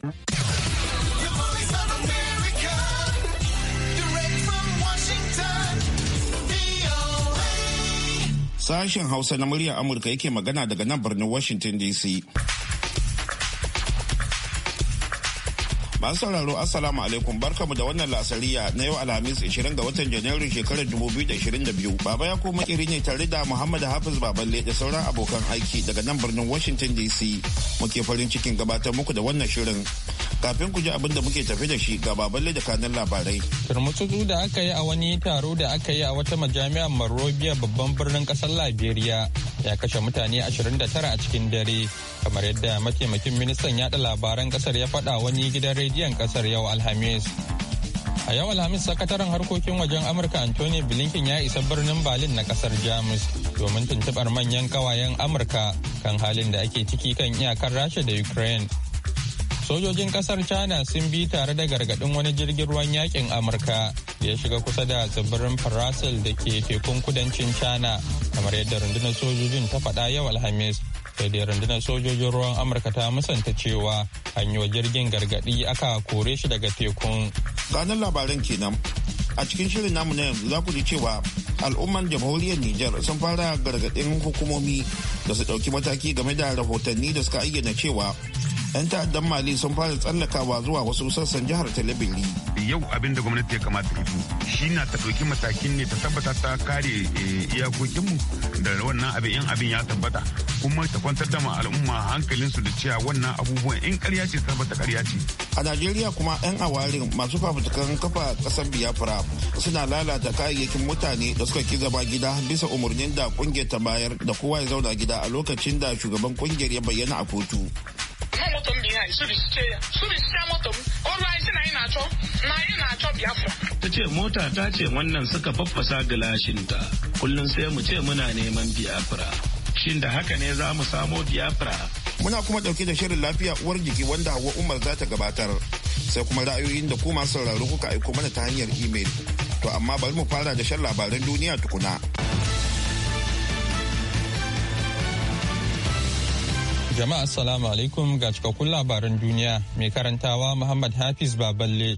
Sashen Hausa na muryar Amurka yake magana daga nan birnin Washington DC. Masu sauraro Assalamu alaikum barkamu da wannan lasariya na yau Alhamis 20 ga watan Janairu shekarar 2022. Baba ya koma iri ne tare da Muhammad Hafiz Baballe da sauran abokan aiki daga nan birnin Washington DC. Muke farin cikin gabatar muku da wannan shirin kafin ku ji abin da muke tafi da shi ga baballe da kanin labarai. turmutsutsu da aka yi a wani taro da aka yi a wata majami'ar marobiya babban birnin kasar Liberia ya kashe mutane 29 a cikin dare kamar yadda mataimakin ministan yada labaran kasar ya faɗa wani gidan rediyon kasar yau Alhamis. A yau Alhamis sakataren harkokin wajen Amurka Anthony Blinken ya isa birnin Berlin na kasar Jamus domin tuntuɓar manyan kawayen Amurka kan halin da ake ciki kan iyakar Rasha da Ukraine. sojojin kasar china sun bi tare da gargadin wani jirgin ruwan yakin amurka da ya shiga kusa da tsibirin farasil da ke tekun kudancin china kamar yadda rundunar sojojin ta faɗa yau alhamis sai dai rundunar sojojin ruwan amurka ta musanta cewa hanyar jirgin gargadi aka kore shi daga tekun ranar labaran kenan a cikin shirin namu na yanzu za ku ji cewa al'umman jamhuriyar niger sun fara gargadin hukumomi da su dauki mataki game da rahotanni da suka ayyana cewa 'yan ta'addan mali sun fara tsallakawa zuwa wasu sassan jihar talabiri yau abin da gwamnati ya kamata rufu shi na ta ɗauki matakin ne ta tabbata ta kare eh, iyakokinmu da wannan abin in abin ya tabbata kuma ta kwantar da ma al'umma hankalinsu da cewa wannan abubuwan in karya ce tabbata karya ce a najeriya kuma 'yan awarin masu fafutukan kafa ƙasar biafra suna lalata kayayyakin mutane da suka ki gaba gida bisa umarnin da kungiyar ta bayar da kowa ya zauna gida a lokacin da shugaban kungiyar ya bayyana a kotu moto ya ọrụ anyị si na anyị na-achọ na anyị na-achọ biafra ta ce mota ta ce wannan suka faffasa gilashinta kullum sai mu ce muna neman biafra shin da haka ne za mu samo biafra muna kuma dauke da shirin lafiya uwar jiki wanda hawa umar za ta gabatar sai kuma ra'ayoyin da kuma sauraro kuka aiko mana ta hanyar imel to amma bari mu fara da shan labaran duniya tukuna. Jama'a Assalamu alaikum ga cikakkun labaran duniya mai karantawa Muhammad Hafiz Baballe.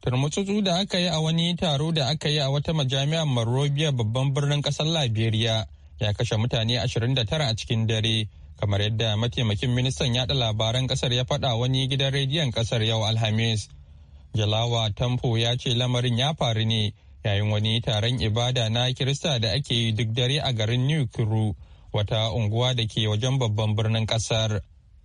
Turmutsutsu da aka yi a wani taro da aka yi a wata majami'ar marobiya babban birnin kasar Liberia ya kashe mutane 29 a cikin dare kamar yadda mataimakin ministan yada labaran kasar ya faɗa wani gidan rediyon kasar yau Alhamis. Jalawa tamfo ya ce lamarin ya faru ne yayin wani taron ibada na Kirista da ake yi duk dare a garin New Kuru wata unguwa da ke wajen babban birnin kasar.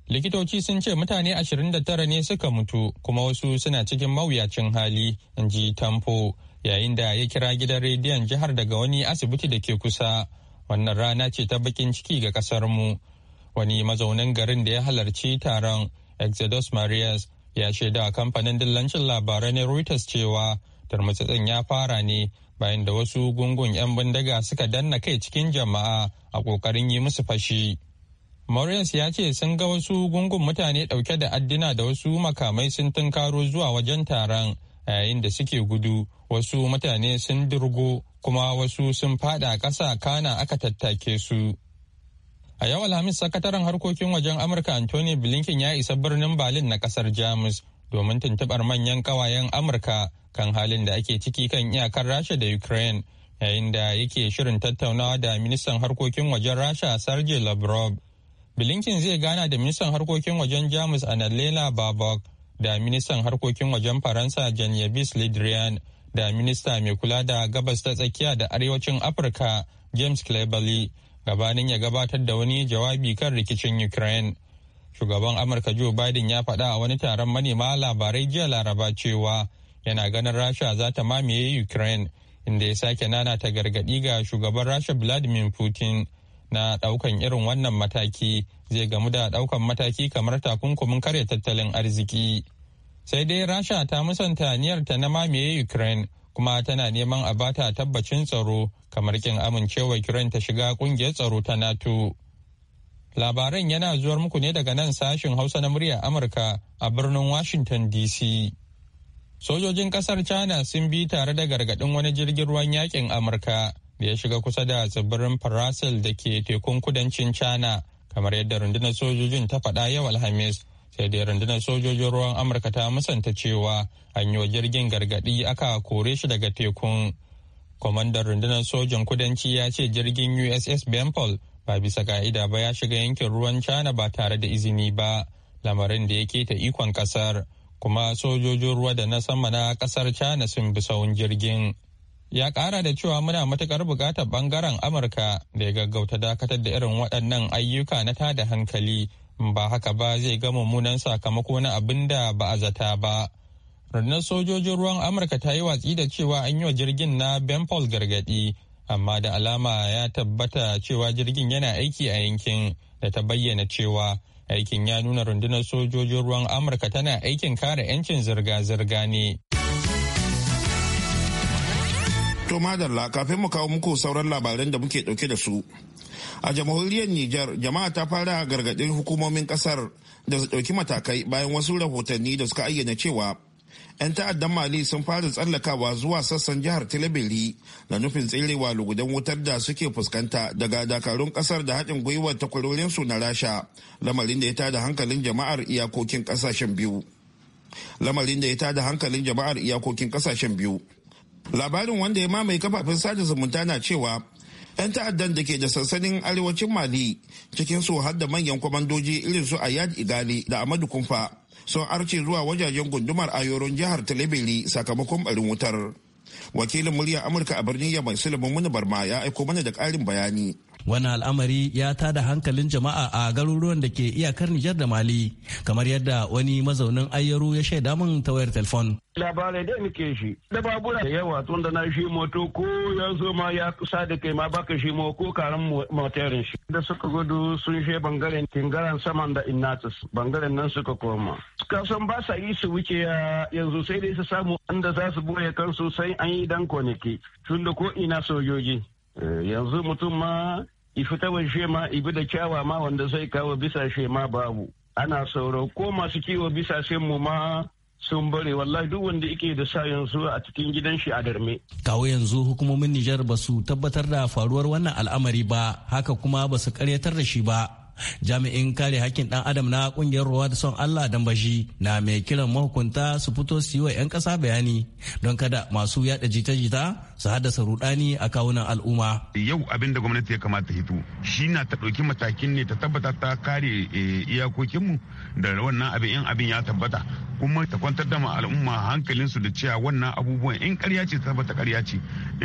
Likitoci sun ce mutane 29 ne suka mutu kuma wasu suna cikin mawuyacin hali, in ji Tampo, yayin da ya kira gidan rediyon jihar daga wani asibiti da ke kusa. Wannan rana ce ta bakin ciki ga kasarmu. Wani mazaunin garin da ya halarci taron Exodus Marias ya shaida kamfanin dillancin labarai na Reuters cewa tarmatsatsin ya fara ne bayan da wasu gungun 'yan bindiga suka danna kai cikin jama'a a ƙoƙarin yi musu fashi. Maurice ya ce sun ga wasu gungun mutane ɗauke da addina da wasu makamai sun tunkaro zuwa wajen taron yayin da suke gudu wasu mutane sun dirgo kuma wasu sun fada ƙasa kana aka tattake su. A yau Alhamis sakataren harkokin wajen Amurka Anthony Blinken ya isa birnin Berlin na kasar Jamus domin tuntubar manyan ƙawayen amurka kan halin da ake ciki kan iyakar rasha da ukraine yayin da yake shirin tattaunawa da ministan harkokin wajen rasha sergey lavrov bilinkin zai gana da ministan harkokin wajen jamus analela babok da ministan harkokin wajen faransa janyavis lidrian da minista mai kula da gabas ta tsakiya da arewacin afirka james cleverly gabanin ya gabatar da wani jawabi kan rikicin ukraine Shugaban Amurka Joe Biden ya faɗa a wani taron manema labarai jiya Laraba cewa yana ganin Rasha za ta mamaye Ukraine inda ya sake nana ta gargaɗi ga shugaban Rasha Vladimir Putin na ɗaukan irin wannan mataki zai gamu da ɗaukan mataki kamar takunkumin karya tattalin arziki. Sai dai Rasha ta musanta niyarta na mamaye Ukraine kuma tana neman a bata tabbacin tsaro kamar kin amincewa Ukraine ta shiga kungiyar tsaro ta NATO. Labaran yana zuwar muku ne daga nan sashen Hausa na murya Amurka a birnin Washington DC. Sojojin kasar China sun bi tare da gargaɗin wani jirgin ruwan yakin Amurka da ya shiga kusa da tsibirin Farasil da ke tekun kudancin China, kamar yadda rundunar sojojin ta faɗa yau Alhamis. Sai dai rundunar sojojin ruwan Amurka ta musanta cewa an yi jirgin gargaɗi aka kore shi daga tekun. Kwamandan rundunar sojan kudanci ya ce jirgin USS Bemple ba bisa ka'ida ba ya shiga yankin ruwan China ba tare da izini ba lamarin da ya keta ikon kasar kuma sojojin ruwa da na sama na kasar China sun bi sawun jirgin. Ya kara da cewa muna matukar bukatar bangaren Amurka da ya gaggauta dakatar da irin waɗannan ayyuka na ta da hankali ba haka ba zai ga mummunan sakamako na abin da ba a zata ba. Rundunar sojojin ruwan Amurka ta yi watsi da cewa an yi wa jirgin na Benpol gargaɗi amma da alama ya tabbata cewa jirgin yana aiki a yankin da ta bayyana cewa aikin ya nuna rundunar sojojin ruwan amurka tana aikin kare 'yancin zirga-zirga ne to madalla kafin mu kawo muku sauran labaran da muke dauke da su a jamhuriyar niger jama'a ta fara gargadin hukumomin kasar da su dauki matakai bayan wasu rahotanni da suka ayyana cewa 'yan ta'addan mali sun fara tsallakawa zuwa sassan jihar tilabiri da nufin tserewa lugudan wutar da suke fuskanta daga dakarun kasar da haɗin gwiwar su na rasha lamarin da ya tada hankalin jama'ar iyakokin kasashen biyu lamarin da ya tada hankalin jama'ar iyakokin kasashen biyu labarin wanda ya mamaye kafafen sada zumunta na cewa 'yan ta'addan da ke da sansanin arewacin mali cikin su har da manyan kwamandoji irin su ayad igali da amadu kumfa sun arce zuwa wajajen gundumar a yoron jihar talibeli sakamakon barin wutar wakilin murya amurka a birnin yamai sulaiman muni barma ya aiko mana da ƙarin bayani wani al'amari ya tada hankalin jama'a a garuruwan da ke iyakar Nijar da Mali, kamar yadda wani mazaunin ayyaru ya shaida min ta wayar telefon. Labarai da nike shi, da babura da yawa tun da na shi moto ko ya zo ma ya kusa da kai ma baka shi mo ko karan motarin shi. Da suka gudu sun shi bangaren tingaren saman da innatus bangaren nan suka koma. Kasan ba sa yi su wuce yanzu sai dai su samu inda za su boye kansu sai an yi dan kwanaki tun da ko ina sojoji. Eh, yanzu mutum ma ifita washe ma ibi da kyawa ma wanda zai kawo bisa she ma babu ana sauro ko masu kiwo bisa mu ma sun bare wallahi duk wanda yake da sa yanzu a cikin gidan shi a darme. Kawo yanzu hukumomin Nijar ba su tabbatar da faruwar wannan al'amari ba haka kuma ba su karyatar da shi ba. Jami'in kare hakkin ɗan adam na ƙungiyar ruwa da son Allah mashi na mai kiran mahukunta su fito su yi wa 'yan ƙasa bayani don kada masu yada jita-jita su haddasa rudani a kawunan al'umma. Yau abin da gwamnati ya kamata hito shi na ta ɗauki matakin ne ta tabbata ta kare eh, iyakokinmu da wannan abin in abin ya tabbata kuma ta kwantar da al'umma hankalinsu da cewa wannan abubuwan in karya ce ta tabbata karya ce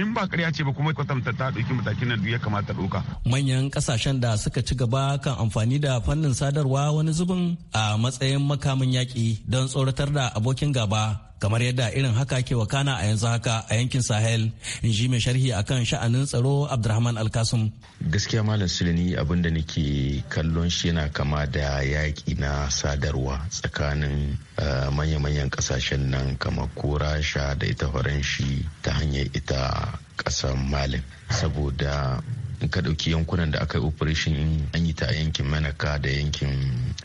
in ba karya ce ba kuma kwatanta ta ɗauki matakin duk ya kamata ɗauka. Manyan ƙasashen da suka ci gaba kan amfani da fannin sadarwa wani zubin a matsayin makamin yaƙi don tsoratar da abokin gaba kamar yadda irin haka ke wakana a yanzu haka a yankin sahel in ji mai sharhi akan sha'anin tsaro abdurrahman alkasum gaskiya malam sulani abin da nake kallon shi yana kama da yaƙi na sadarwa tsakanin eh, manya-manyan ƙasashen nan kamar ko rasha da ita faranshi ta hanyar ita ƙasar malam saboda in ka ɗauki yankunan da aka yi operation an yi ta a yankin manaka da yankin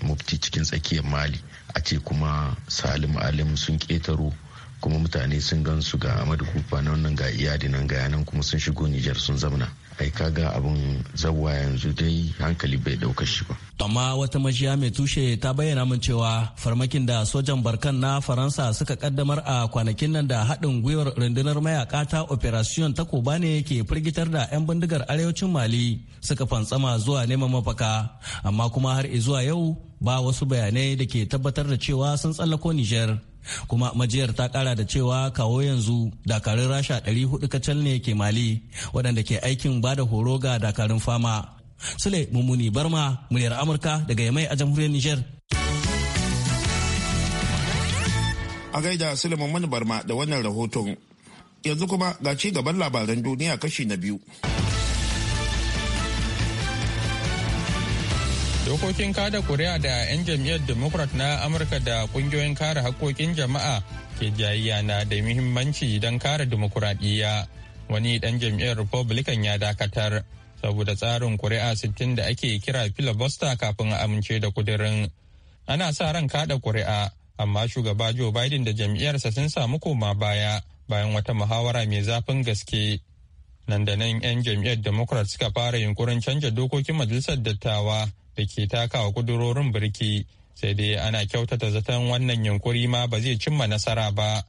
mufti cikin tsakiyar mali a ce kuma salim alim sun ƙetaro kuma mutane sun gan su ga amadu kufa na wannan ga iyadi nan ga yanan kuma sun shigo nijar sun zamna ai kaga abun zawa yanzu dai hankali bai dauka shi ba amma wata majiya mai tushe ta bayyana min cewa farmakin da sojan barkan na faransa suka kaddamar a kwanakin nan da haɗin gwiwar rundunar mayaka ta operation takoba ne ke firgitar da 'yan bindigar arewacin mali suka fantsama zuwa neman mafaka amma kuma har zuwa yau ba wasu bayanai da ke tabbatar da cewa sun tsallako niger kuma majiyar ta kara da cewa kawo yanzu dakarun rasha 400 kacal ne ke mali waɗanda ke aikin ba da horo ga dakarun fama sule mummuni barma muryar amurka daga yamai a jamhuriyar niger a gaida sule mummuni barma da wannan rahoton yanzu kuma ga ci gaban labaran duniya kashi na biyu dokokin kada kuri'a da 'yan jam'iyyar democrat na amurka da kungiyoyin kare haƙƙoƙin jama'a ke jayayya na da muhimmanci don kare dimokuraɗiyya wani ɗan jam'iyyar republican ya dakatar saboda tsarin kuri'a sittin da ake kira filibuster kafin a amince da kudirin ana sa ran kada kuri'a amma shugaba joe biden da jam'iyyarsa sun samu koma baya bayan wata muhawara mai zafin gaske nan da nan 'yan jam'iyyar democrat suka fara yunkurin canja dokokin majalisar dattawa da ke takawa kudurorin birki sai dai ana kyautata zaton wannan yunkuri ma ba zai cimma nasara ba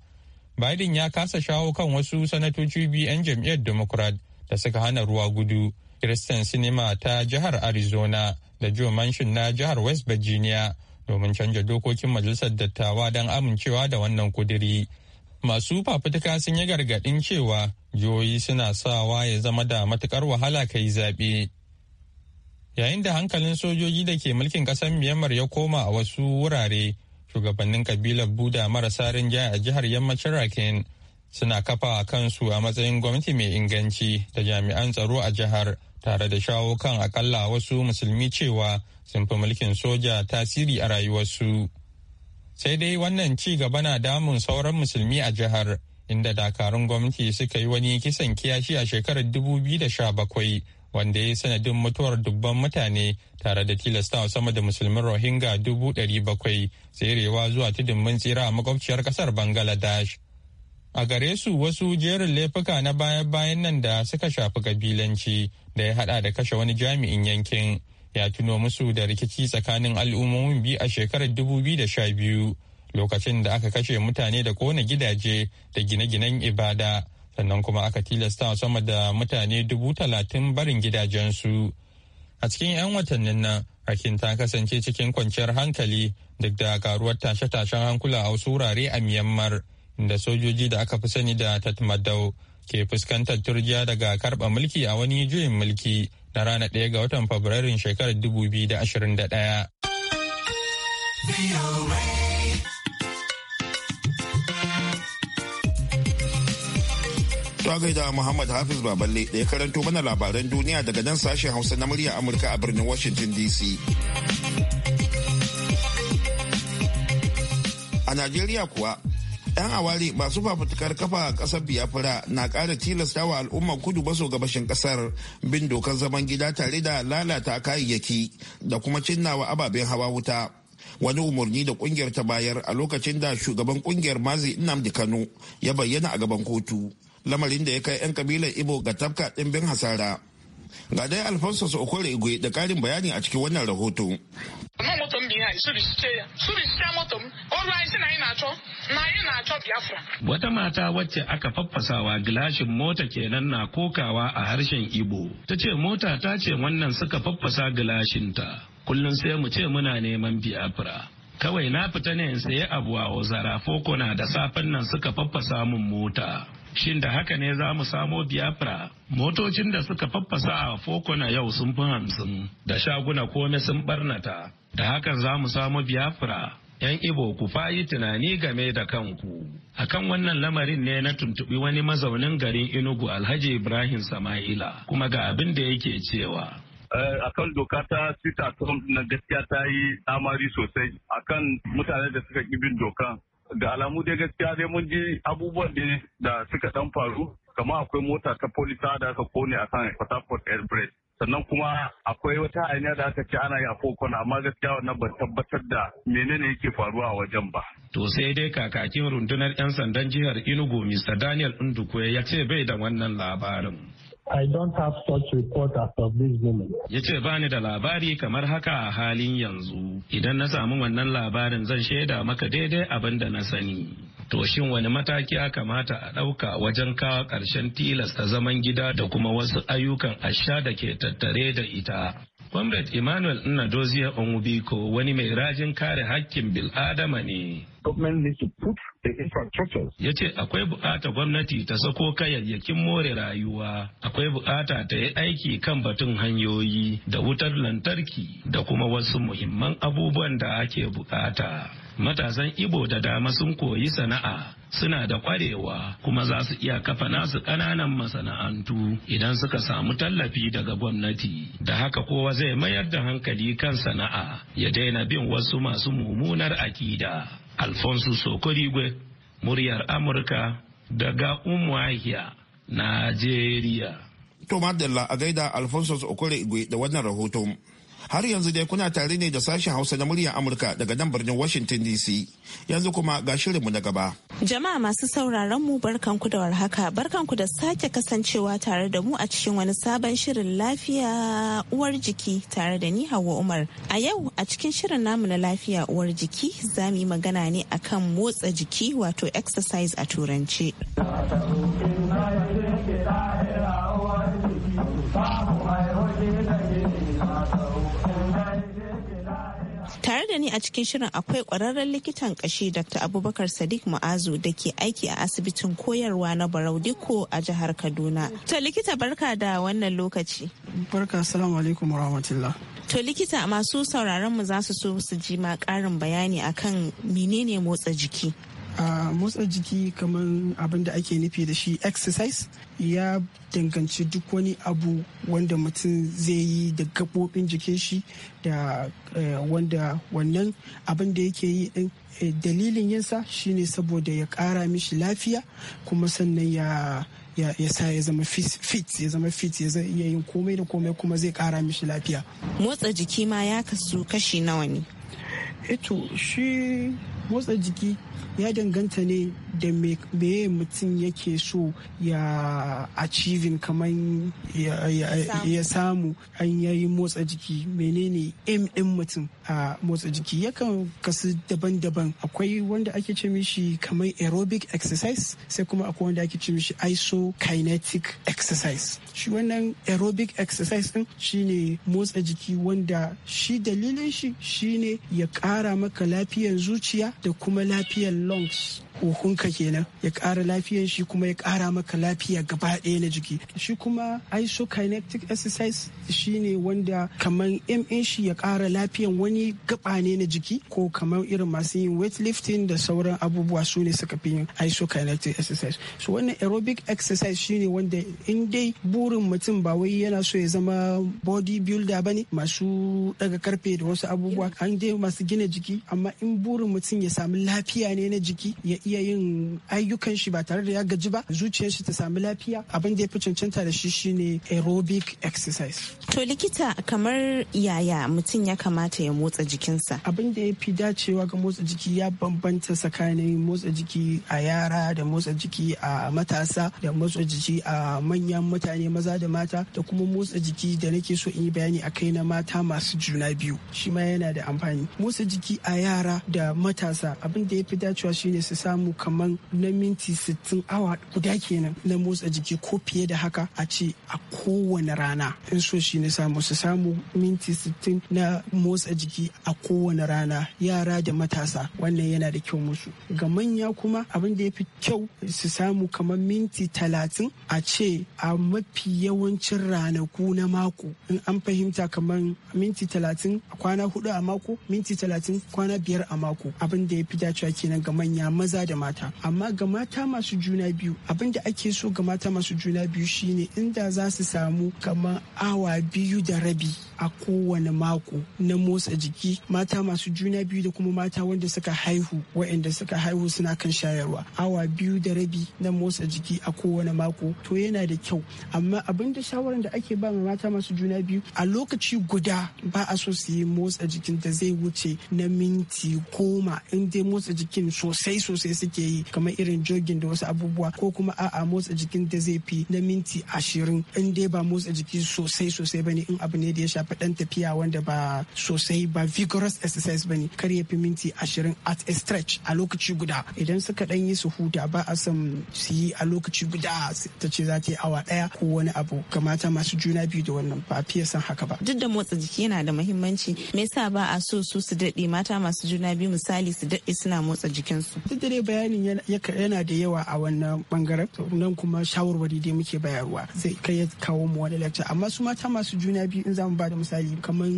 biden ya kasa shawo kan wasu sanatoci biyu 'yan jam'iyyar democrat da suka hana ruwa gudu Kristen Sinema ta jihar Arizona da Joe Manchin na jihar West Virginia domin canja dokokin majalisar dattawa don amincewa da wannan kudiri. Masu fafutuka sun yi gargaɗin cewa jihohi suna sawa ya zama da matukar wahala ka yi zaɓe. yayin da hankalin sojoji da ke mulkin kasar myanmar ya koma a wasu wurare shugabannin kabilar buda marasa rinjaye a jihar yammacin rakin suna kafa a kansu a matsayin gwamnati mai inganci da jami'an tsaro a jihar tare da shawo kan akalla wasu musulmi cewa sun fi mulkin soja tasiri a rayuwarsu sai dai wannan ci gaba na damun sauran musulmi a jihar inda dakarun gwamnati suka yi wani kisan kiyashi a shekarar 2017 wanda ya yi sanadin mutuwar dubban mutane tare da tilastawa sama da musulmin rohingya dubu ɗari bakwai tserewa zuwa tudun mun tsira a makwabciyar ƙasar bangladesh a gare su wasu jerin laifuka na baya-bayan nan da suka shafi kabilanci da ya hada da kashe wani jami'in yankin ya tuno musu da rikici tsakanin al'ummomin biyu a shekarar dubu biyu da sha biyu lokacin da aka kashe mutane da kona gidaje da gine-ginen ibada sannan kuma aka tilasta sama da mutane dubu talatin barin gidajensu a cikin 'yan watannin nan hakin ta kasance cikin kwanciyar hankali duk da karuwar tashe-tashen hankula a wasu wurare a myanmar inda sojoji da aka fi sani da tatmadau ke fuskantar turjiya daga karba mulki a wani juyin mulki na rana ɗaya ga watan fabrairun shekarar 2021. To gaida Muhammad Hafiz Baballe da ya karanto mana labaran duniya daga nan sashen Hausa na murya Amurka a birnin Washington DC. A Najeriya kuwa, 'yan aware masu fafutukar kafa a kasar biafra na ƙara tilasta wa al'ummar kudu maso gabashin kasar bin dokar zaman gida tare da lalata kayayyaki da kuma cinnawa ababen hawa wuta wani umarni da kungiyar ta bayar a lokacin da shugaban kungiyar mazi nnamdi kano ya bayyana a gaban kotu lamarin da ya kai 'yan kabilar ibo ga tafka ɗimbin hasara ga dai alfonso okoro igwe da ƙarin bayani a cikin wannan rahoto Wata mata wacce aka faffasawa gilashin mota kenan na kokawa a harshen Ibo. Ta ce mota ta ce wannan suka faffasa ta. Kullum sai mu ce muna neman biyafira. Kawai na fita ne in sayi abu a Ozara Foko da safen nan suka faffasa mun mota. shin da haka ne za mu samo biafra motocin da suka faffasa a fokona yau sun fi hamsin da shaguna kome sun barnata da hakan za mu samo biafra yan ibo ku fayi tunani game da kanku akan wannan lamarin ne na tuntubi wani mazaunin garin inugu alhaji ibrahim sama'ila kuma ga abin da yake cewa eh, A kan doka ta sita na gaskiya ta yi amari sosai a kan mutane da suka bin dokan da alamu dai gaskiya dai mun ji abubuwan da suka dan faru kamar akwai mota ta polisa da aka kone a kan Port Harcourt Sannan kuma akwai wata hanya da aka ce ana yi a kokon amma gaskiya wannan ban tabbatar da menene yake faruwa a wajen ba. To sai dai kakakin rundunar 'yan sandan jihar Inugu Mr. Daniel Ndukwe ya ce bai da wannan labarin. I don't have such report as of this moment. Ya ce ba da labari kamar haka a halin yanzu. Idan na samu wannan labarin zan shaida maka daidai abin da na sani. To shin wani mataki ya kamata a ɗauka wajen kawo ƙarshen tilasta zaman gida da kuma wasu ayyukan asha da ke tattare da ita. Comrade Emmanuel Nnadozie Onwubiko wani mai rajin kare hakkin bil'adama ne. Ya ce akwai buƙatar gwamnati ta sako kayayyakin more rayuwa, akwai buƙata ta yi aiki kan batun hanyoyi da wutar lantarki da kuma wasu muhimman abubuwan da ake buƙata Matasan Ibo da dama sun koyi sana'a suna da kwarewa kuma za su iya kafa nasu ƙananan masana'antu idan suka samu tallafi daga gwamnati da haka kowa zai mayar da hankali kan sana'a ya daina bin wasu masu mummunar akida. alfonso sokorigwe muryar amurka daga umuahia najeriya to Della a gaida alfonso sokorigwe da wannan rahoton Har yanzu dai kuna tare ne da sashen Hausa na muryar Amurka daga nan birnin Washington DC. Yanzu kuma ga shirinmu na gaba. Jama'a masu sauraron mu barkanku da warhaka. Barkanku da sake kasancewa tare da mu a cikin wani sabon shirin lafiya uwar jiki tare da ni Hauwa Umar. A yau a cikin shirin namu na lafiya uwar jiki za mu yi magana ne akan motsa jiki wato exercise a turance. da ni a cikin shirin akwai kwararren likitan kashi Dr. Abubakar Sadiq Ma'azu da ke aiki a asibitin koyarwa na Barau Diko a jihar Kaduna. To likita barka da wannan lokaci. Barka assalamu alaikum warahmatullah. To likita masu sauraron mu za su so su ji ma karin bayani akan menene motsa jiki. motsa jiki kamar abin da ake nufi da shi exercise ya danganci duk wani abu wanda mutum zai yi da gaɓoɓin jikin shi da eh, wanda wannan abin da yake yi din eh, dalilin yinsa shine saboda ya ƙara mishi lafiya kuma sannan ya ya sa ya zama fit ya zama fit ya yin komai da komai kuma zai ƙara mishi lafiya motsa jiki ma ya kasu kashi nawa ne eto eh shi motsa jiki ya danganta ne da meye mutum yake so ya achieving kamar ya samu an yayi motsa jiki menene aim din mutum a motsa jiki yakan kasu daban-daban akwai wanda ake ce mishi kamar aerobic exercise sai kuma akwai wanda ake ce mishi isokinetic exercise shi wannan aerobic exercise din shine motsa jiki wanda shi dalilin shi shine ya kara maka lafiyan zuciya da kuma lafiyan lungs huhunka kenan ya kara lafiyan shi kuma ya kara maka lafiya gaba ɗaya na jiki shi kuma isokinetic exercise shine wanda kaman in shi ya kara lafiyan wani gaba ne na jiki ko kamar irin masu yin weightlifting da sauran abubuwa su ne suka fi yin isokinetic exercise so wannan aerobic exercise shine wanda in dai burin mutum ba wai yana so ya zama body builder ba ne masu daga karfe da wasu abubuwa an dai masu gina jiki amma in burin mutum ya samu lafiya ne na jiki ya iya yin ayyukan shi ba tare da ya gaji ba zuciyar shi ta samu lafiya abin da ya fi cancanta da shi shine aerobic exercise. To likita kamar yaya mutum ya kamata ya motsa jikinsa? Abin da ya fi dacewa ga motsa jiki ya bambanta tsakanin motsa jiki a yara da motsa jiki a matasa da motsa jiki a manyan mutane maza da mata da kuma motsa jiki da nake so in yi bayani a kai na mata masu juna biyu shi ma yana da amfani motsa jiki a yara da matasa abin da ya fi dacewa shine su samu kaman na minti 60 awa guda kenan na motsa jiki ko fiye da haka a ce a kowane rana in so shi ne samu su samu minti sittin na motsa jiki a kowane rana yara da matasa wannan yana da kyau musu ga manya kuma abin da ya fi kyau su samu kaman minti talatin a ce a mafi mafi yawancin ranaku na mako in an fahimta kamar minti talatin a kwana hudu a mako minti talatin kwana biyar a mako abin da ya fi dacewa kenan ga manya maza da mata amma ga mata masu juna biyu abin da ake so ga mata masu juna biyu shine inda za su samu kamar awa biyu da rabi a kowane mako na motsa jiki mata masu juna biyu da kuma mata wanda suka haihu waɗanda suka haihu suna kan shayarwa awa biyu da rabi na motsa jiki a kowane mako to yana da kyau amma abin da shawaran da ake ba ma mata masu juna biyu a lokaci guda ba a so su yi motsa jikin da zai wuce na minti goma in dai motsa jikin sosai sosai suke yi kamar irin jogin da wasu abubuwa ko kuma a'a motsa jikin da zai fi na minti ashirin in dai ba motsa jiki sosai sosai bane in abu ne da ya shafi fi tafiya wanda ba sosai ba vigorous exercise bane kar ya fi minti ashirin at a stretch a lokaci guda idan suka dan yi su huta ba a san su yi a lokaci guda ta ce za ta yi awa ɗaya ko wani abu ga mata masu juna biyu da wannan ba fiye san haka ba duk da motsa jiki yana da muhimmanci me yasa ba a so su su daɗe mata masu juna biyu misali su daɗe suna motsa jikinsu duk da dai bayanin yana da yawa a wannan bangaren nan kuma shawarwari dai muke bayarwa zai kai ya kawo mu wani lecture amma su mata masu juna biyu in za mu ba da misali kamar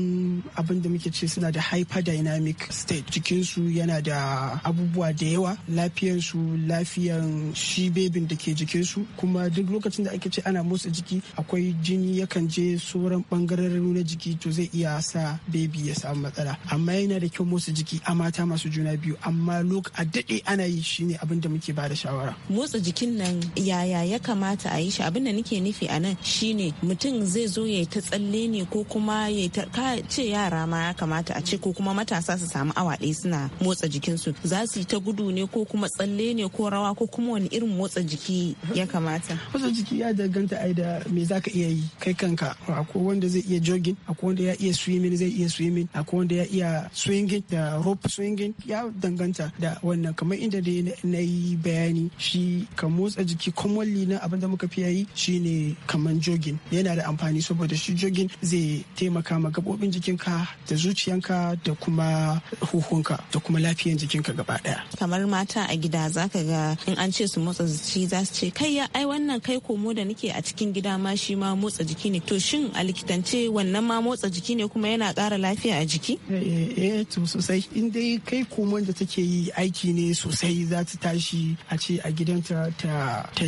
abin da muke ce suna da hyperdynamic state jikinsu yana da abubuwa da yawa lafiyarsu lafiyan shi bebin da ke jikinsu kuma duk lokacin da ake ce ana motsa jiki akwai jini yakan je sauran bangarorin na jiki to zai iya sa bebi ya samu matsala amma yana da kyau motsa jiki a mata masu juna biyu amma a daɗe ana yi shine abin da muke ba da shawara motsa jikin nan yaya ya kamata a yi shi abin da nake nufi a nan shine mutum zai zo ya ta tsalle ne ko kuma kuma ya ce yara ma ya kamata a ce ko kuma matasa su samu awa ɗaya suna motsa jikinsu za su yi ta gudu ne ko kuma tsalle ne ko rawa ko kuma wani irin motsa jiki ya kamata motsa jiki ya danganta ai da me zaka iya yi kai kanka akwai wanda zai iya jogging akwai wanda ya iya swimming zai iya swimming akwai wanda ya iya swinging da rope swinging ya danganta da wannan kamar inda da na yi bayani shi ka motsa jiki commonly na abin da muka fi yi shine kamar jogging yana da amfani saboda shi jogging zai taimaka ma gabobin jikinka da zuciyanka da kuma huhunka da kuma lafiyan jikinka gaba daya kamar mata a gida za ka ga in an ce su motsa jiki za su ce kai ya ai wannan kai komo da nake a cikin gida ma shi ma motsa jiki ne to shin a likitance wannan ma motsa jiki ne kuma yana ƙara lafiya a jiki eh, eh, eh to sosai in dai kai komo da take yi aiki ne sosai za ta tashi a ce a gidanta ta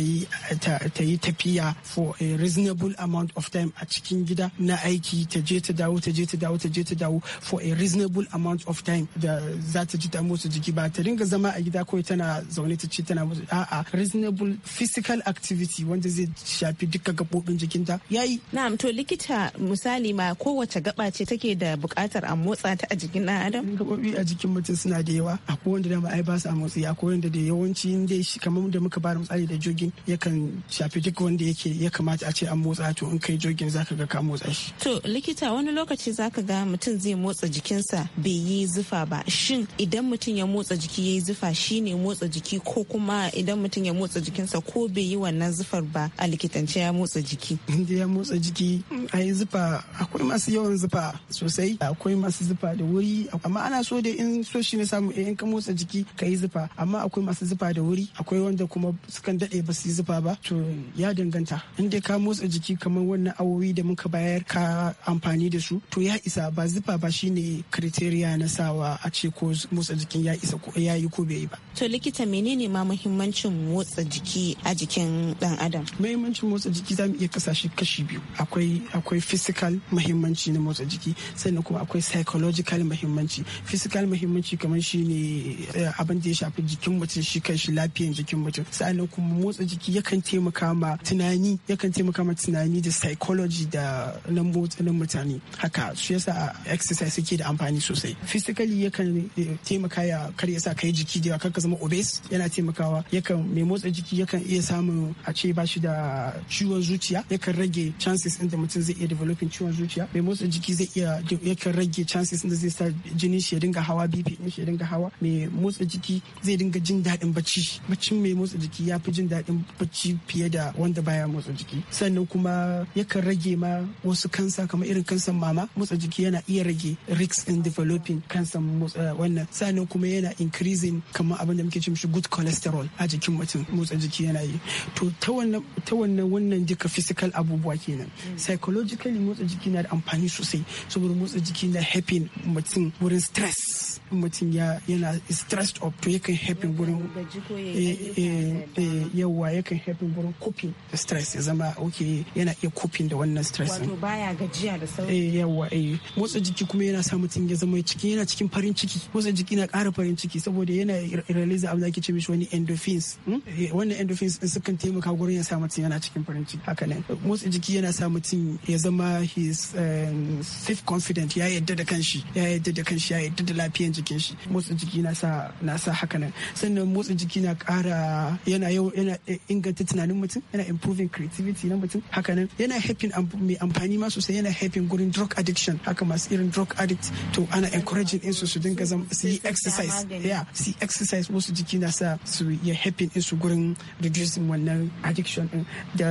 yi tafiya for a reasonable amount of time a cikin gida na aiki ta je ta dawo ta je ta dawo ta je ta dawo for a reasonable amount of time da za ta ji ta motsa jiki ba ta dinga zama a gida kawai tana zaune ta ce tana musu a'a reasonable physical activity wanda zai shafi duka gabobin jikinta yayi na'am to likita misali ma kowace gaba ce take da bukatar a motsa ta a jikin ɗan adam gabobi a jikin mutum suna da yawa akwai wanda da ai ba su a motsi akwai wanda da yawanci inda shi kamar da muka bada misali da jogin yakan shafi duk wanda yake ya kamata a ce an motsa to in kai jogin zaka ga ka motsa shi to likita wani lokaci zaka ga mutum zai motsa jikinsa bai yi zufa ba shin idan mutum ya motsa jiki ya yi zufa shine motsa jiki ko kuma idan mutum ya motsa jikinsa ko bai yi wannan zufar ba a likitance ya motsa jiki inda ya motsa jiki a yi zufa akwai masu yawan zufa sosai akwai masu zufa da wuri amma ana so da in so shi ne samu eh, in ka motsa jiki ka yi zufa amma akwai masu zufa da wuri akwai wanda kuma sukan dade ba su yi zufa ba to ya danganta in ka motsa jiki kamar wannan awowi da muka bayar ka amfani da su to ya isa ba zufa ba shine kriteriya na sawa a ce ko motsa jikin ya isa ko ya yi ko bai yi ba to likita menene ma muhimmancin motsa jiki a jikin dan adam muhimmancin motsa jiki za mu iya kasashe kashi biyu akwai akwai physical muhimmanci na motsa jiki sannan kuma akwai psychological muhimmanci physical muhimmanci kamar shine eh, abin da ya shafi jikin mutum shi kan shi lafiyan jikin mutum sannan kuma motsa jiki yakan taimaka ma tunani yakan taimaka ma tunani da psychology da na motsa mutane haka su yasa exercise suke da amfani sosai physically yakan taimaka ya kar yasa sa kai jiki da kar ka zama obese yana taimakawa yakan mai motsa jiki yakan iya samun a ce ba da ciwon zuciya yakan rage chances inda mutum zai iya developing ciwon zuciya mai motsa jiki zai iya yakan rage chances inda zai sa jinin shi ya dinga hawa bp din shi ya dinga hawa mai motsa jiki zai dinga jin daɗin bacci baccin mai motsa jiki ya fi jin daɗin bacci fiye da wanda baya motsa jiki sannan kuma yakan rage ma wasu kansa kamar irin kansan mama motsa jiki yana iya rage risk in developing kansan eh, wannan sannan kuma yana increasing kamar abin da muke ce mishi good cholesterol a jikin mutum motsa jiki yana yi to ta wannan wannan duka physical abubuwa kenan mm. psychologically motsa jiki na da amfani sosai saboda motsa jiki na helping mutum wurin stress mutum ya yana stressed up to yakan haifin gurin eh, eh, eh, yawa yakan haifin gurin coping da stress ya zama ok yana iya coping da wannan stress wato baya gajiya da sauri yawa eh motsa jiki kuma yana sa mutum ya zama cikin yana cikin farin ciki motsa jiki na ƙara farin ciki saboda yana release abin da ake ce mishi wani endorphins hmm? wannan endorphins din sukan taimaka gurin ya sa mutum yana cikin farin ciki haka nan motsa jiki yana sa mutum ya zama his self confident ya yadda da kanshi ya yadda da kanshi ya yadda da lafiyan jikin shi motsa jiki na sa na sa haka nan sannan motsa jiki na kara yana yana inganta tunanin mutum yana improving creativity na mutum haka nan yana helping mai amfani ma sosai yana helping gurin drug addiction haka masu irin drug addict to ana encouraging din su su dinga zama su yi exercise yeah su yi exercise motsa jiki na sa su ya helping din su gurin reducing wannan addiction din da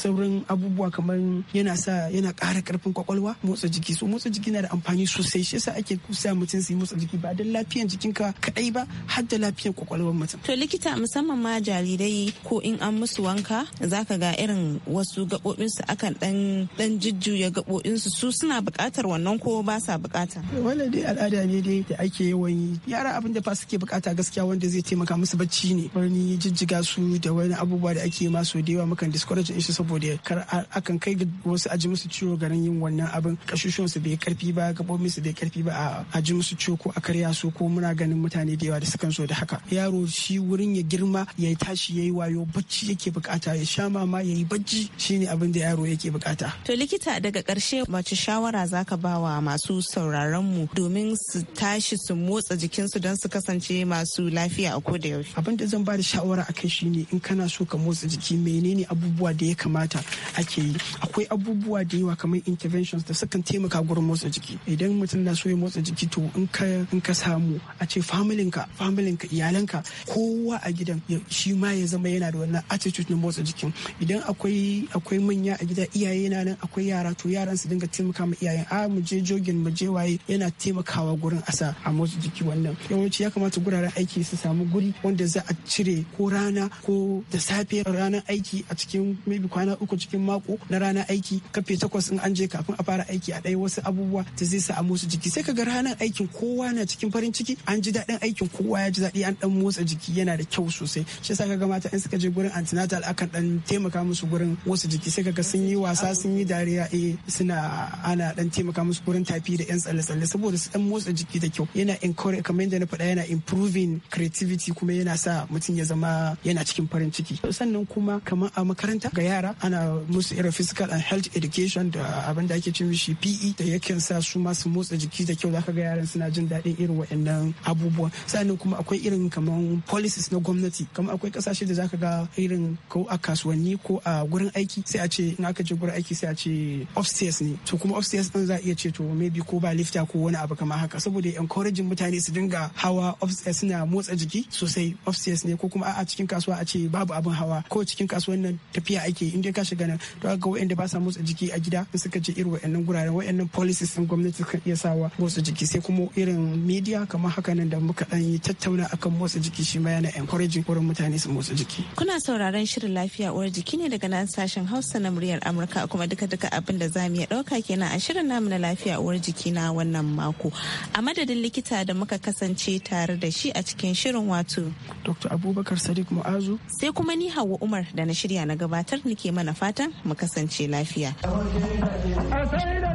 sauran abubuwa kamar yana sa yana kara karfin kwakwalwa motsa jiki so motsa jiki na da amfani sosai shi yasa ake sa mutum su yi motsa jiki jiki ba don lafiyan jikinka kaɗai ba har da lafiyan kwakwalwar mutum. To likita musamman ma jarirai ko in an musu wanka zaka ga irin wasu gaɓoɓinsu akan ɗan ɗan jujjuya gaɓoɓinsu su suna buƙatar wannan ko ba sa buƙata. Wannan dai al'ada ne dai da ake yawan yi yara abin da fa suke buƙata gaskiya wanda zai taimaka musu bacci ne wani jijjiga su da wani abubuwa da ake masu da yawa mukan discourage shi saboda kar akan kai wasu aji musu ciwo garin yin wannan abin kashushuwan su bai karfi ba gaɓoɓin su bai karfi ba a aji musu ciwo ko a karya su ko muna ganin mutane da yawa da sukan so da haka yaro shi wurin ya girma ya tashi ya yi wayo bacci yake bukata ya sha mama ya yi bacci shine abin da yaro yake bukata to likita daga karshe mace shawara zaka ba wa masu sauraron mu domin su tashi su motsa jikinsu don su kasance masu lafiya a koda yaushe abin da zan ba da shawara akai shine in kana so ka motsa jiki menene abubuwa da ya kamata ake yi akwai abubuwa da yawa kamar interventions da sukan taimaka gurin motsa jiki idan mutum na so ya motsa jiki to in ka in ka samu a ce familinka familinka iyalanka kowa a gidan shi ma ya zama yana da wannan attitude na motsa jikin idan akwai akwai manya a gida iyaye na nan akwai yara to yaran su dinga taimaka ma iyayen a mu je jogin mu je waye yana taimakawa gurin asa a motsa jiki wannan yawanci ya kamata guraren aiki su samu guri wanda za a cire ko rana ko da safe ranar aiki a cikin maybe kwana uku cikin mako na rana aiki kafe takwas in an je kafin a fara aiki a ɗaya wasu abubuwa ta zai sa a motsa jiki sai ka ga ranar aikin kowa ana cikin farin ciki an ji daɗin aikin kowa ya ji daɗi an ɗan motsa jiki yana da kyau sosai shi yasa kaga mata in suka je gurin antinatal akan ɗan taimaka musu gurin motsa jiki sai kaga sun yi wasa sun yi dariya eh suna ana ɗan taimaka musu gurin tafi da yan tsalle-tsalle saboda su ɗan motsa jiki da kyau yana encourage kamar yadda na faɗa yana improving creativity kuma yana sa mutum ya zama yana cikin farin ciki sannan kuma kamar a makaranta ga yara ana musu irin physical and health education da abin da ake cin shi PE da yakan sa su masu motsa jiki da kyau zaka ga yaran suna jin daɗi faɗin irin waɗannan abubuwan sannan kuma akwai irin kamar policies na gwamnati kamar akwai ƙasashe da zaka ga irin ko a kasuwanni ko a gurin aiki sai a ce in aka je gurin aiki sai a ce upstairs ne to kuma upstairs din za a iya ce to maybe ko ba lifta ko wani abu kamar haka saboda encouraging mutane su dinga hawa upstairs suna motsa jiki sosai upstairs ne ko kuma a cikin kasuwa a ce babu abin hawa ko cikin kasuwan nan tafiya ake in dai ka shiga nan to ga waɗanda ba sa motsa jiki a gida in suka je irin waɗannan guraren waɗannan policies din gwamnati kan iya sawa motsa jiki sai kuma irin media kamar haka nan da muka dan yi tattauna akan motsa jiki shi ma yana encouraging wurin mutane su motsa jiki kuna sauraron shirin lafiya uwar jiki ne daga nan sashen Hausa na muryar Amurka kuma duka duka abin da zamu iya dauka kenan a shirin namu na lafiya uwar jiki na wannan mako a madadin likita da muka kasance tare da shi a cikin shirin wato Dr. Abubakar Sadiq Mu'azu sai kuma ni Hauwa Umar da na shirya na gabatar nake mana fatan mu kasance lafiya a sai da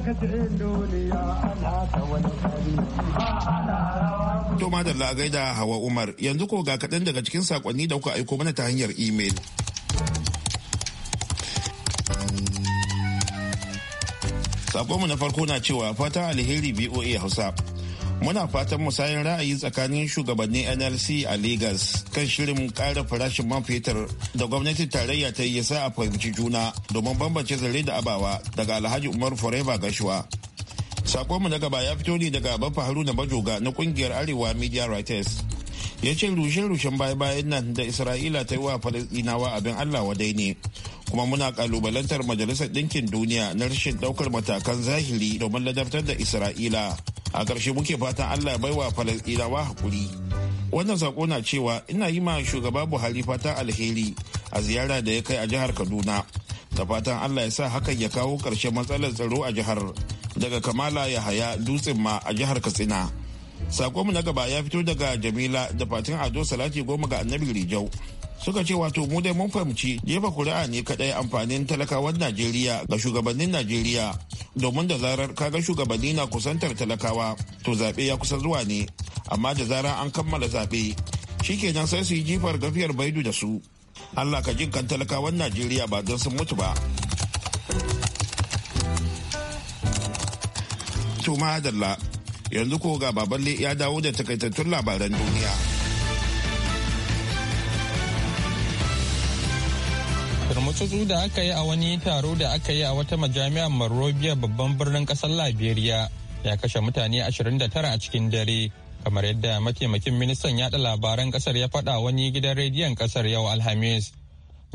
ka duniya ana ta wani To madalla a gaida Hawa Umar yanzu ko ga kaɗan daga cikin sakonni da kuka aiko mana ta hanyar imel. mu na farko na cewa fata alheri BOA Hausa. Muna fatan musayin ra'ayi tsakanin shugabannin NLC a lagos kan shirin ƙara farashin man fetur da gwamnatin tarayya ta yi sa a fahimci juna domin bambance zare da abawa daga Alhaji Umar Forever Gashuwa. Sakonmu na gaba ya fito ne daga Baffa Haruna Bajoga na kungiyar Arewa Media Writers. Ya ce rushe-rushen baya-bayan nan da Isra'ila ta yi wa Falasɗinawa abin Allah wadai ne. Kuma muna kalubalantar Majalisar Ɗinkin Duniya na rashin ɗaukar matakan zahiri domin ladabtar da Isra'ila. A ƙarshe muke fatan Allah bai wa Falasɗinawa hakuri. Wannan sako na cewa ina yi ma shugaba Buhari fatan alheri a ziyara da ya kai a jihar Kaduna. ta fatan allah ya sa hakan ya kawo ƙarshen matsalar tsaro a jihar daga kamala yahaya dutsen ma a jihar katsina mu na gaba ya fito daga jamila da fatan ado salati goma ga annabi rijau suka ce wato mu dai mun fahimci jefa kuri'a ne kadai amfanin talakawan najeriya ga shugabannin najeriya domin da zarar kaga shugabanni na kusantar talakawa to zaɓe ya kusa zuwa ne amma da zarar an kammala zaɓe shikenan sai su yi jifar gafiyar baidu da su allah ka jin kan talakawan najeriya ba don sun mutu ba tuma Adalla yanzu ko ga baballe ya dawo da takaitattun labaran duniya turmutsutsu da aka yi a wani taro da aka yi a wata majami'ar monrovia babban birnin kasar liberia ya kashe mutane 29 a cikin dare kamar yadda mataimakin ministan yada labaran kasar ya faɗa wani gidan rediyon kasar yau alhamis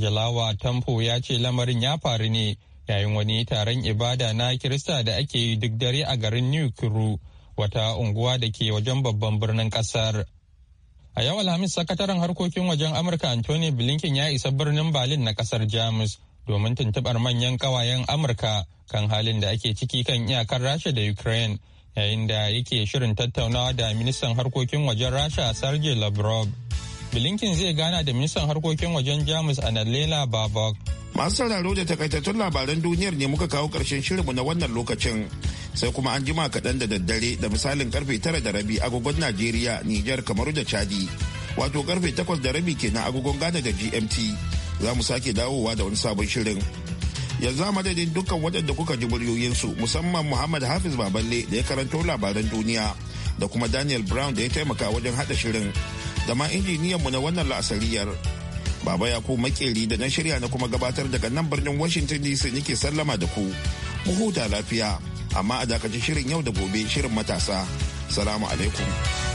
jalawa tampo ya ce lamarin ya faru ne yayin wani taron ibada na kirista da ake yi duk dare a garin new kiru wata unguwa da ke wajen babban birnin kasar a yau alhamis sakataren harkokin wajen amurka anthony blinken ya isa birnin berlin na kasar jamus domin tuntubar manyan kawayen amurka kan halin da ake ciki kan iyakar rasha da ukraine yayin da yake shirin tattaunawa da ministan harkokin wajen rasha sergey lavrov bilinkin zai gana da ministan harkokin wajen jamus analena babok masu sauraro da takaitattun labaran duniyar ne muka kawo karshen shirinmu na wannan lokacin sai kuma an jima kaɗan da daddare da misalin karfe tara da rabi agogon najeriya nijar kamaru da chadi wato karfe takwas da rabi kenan agogon ghana da gmt za mu sake dawowa da wani sabon shirin yanzu a madadin dukkan waɗanda kuka ji muryoyinsu musamman muhammad hafiz baballe da ya karanto labaran duniya da kuma daniel brown da ya taimaka wajen haɗa shirin da ma injiniyanmu na wannan la'asariyar baba ya ku makeri da na shirya na kuma gabatar daga nan birnin washington dc nake sallama da ku mu huta lafiya amma a dakaci shirin yau da gobe shirin matasa salamu alaikum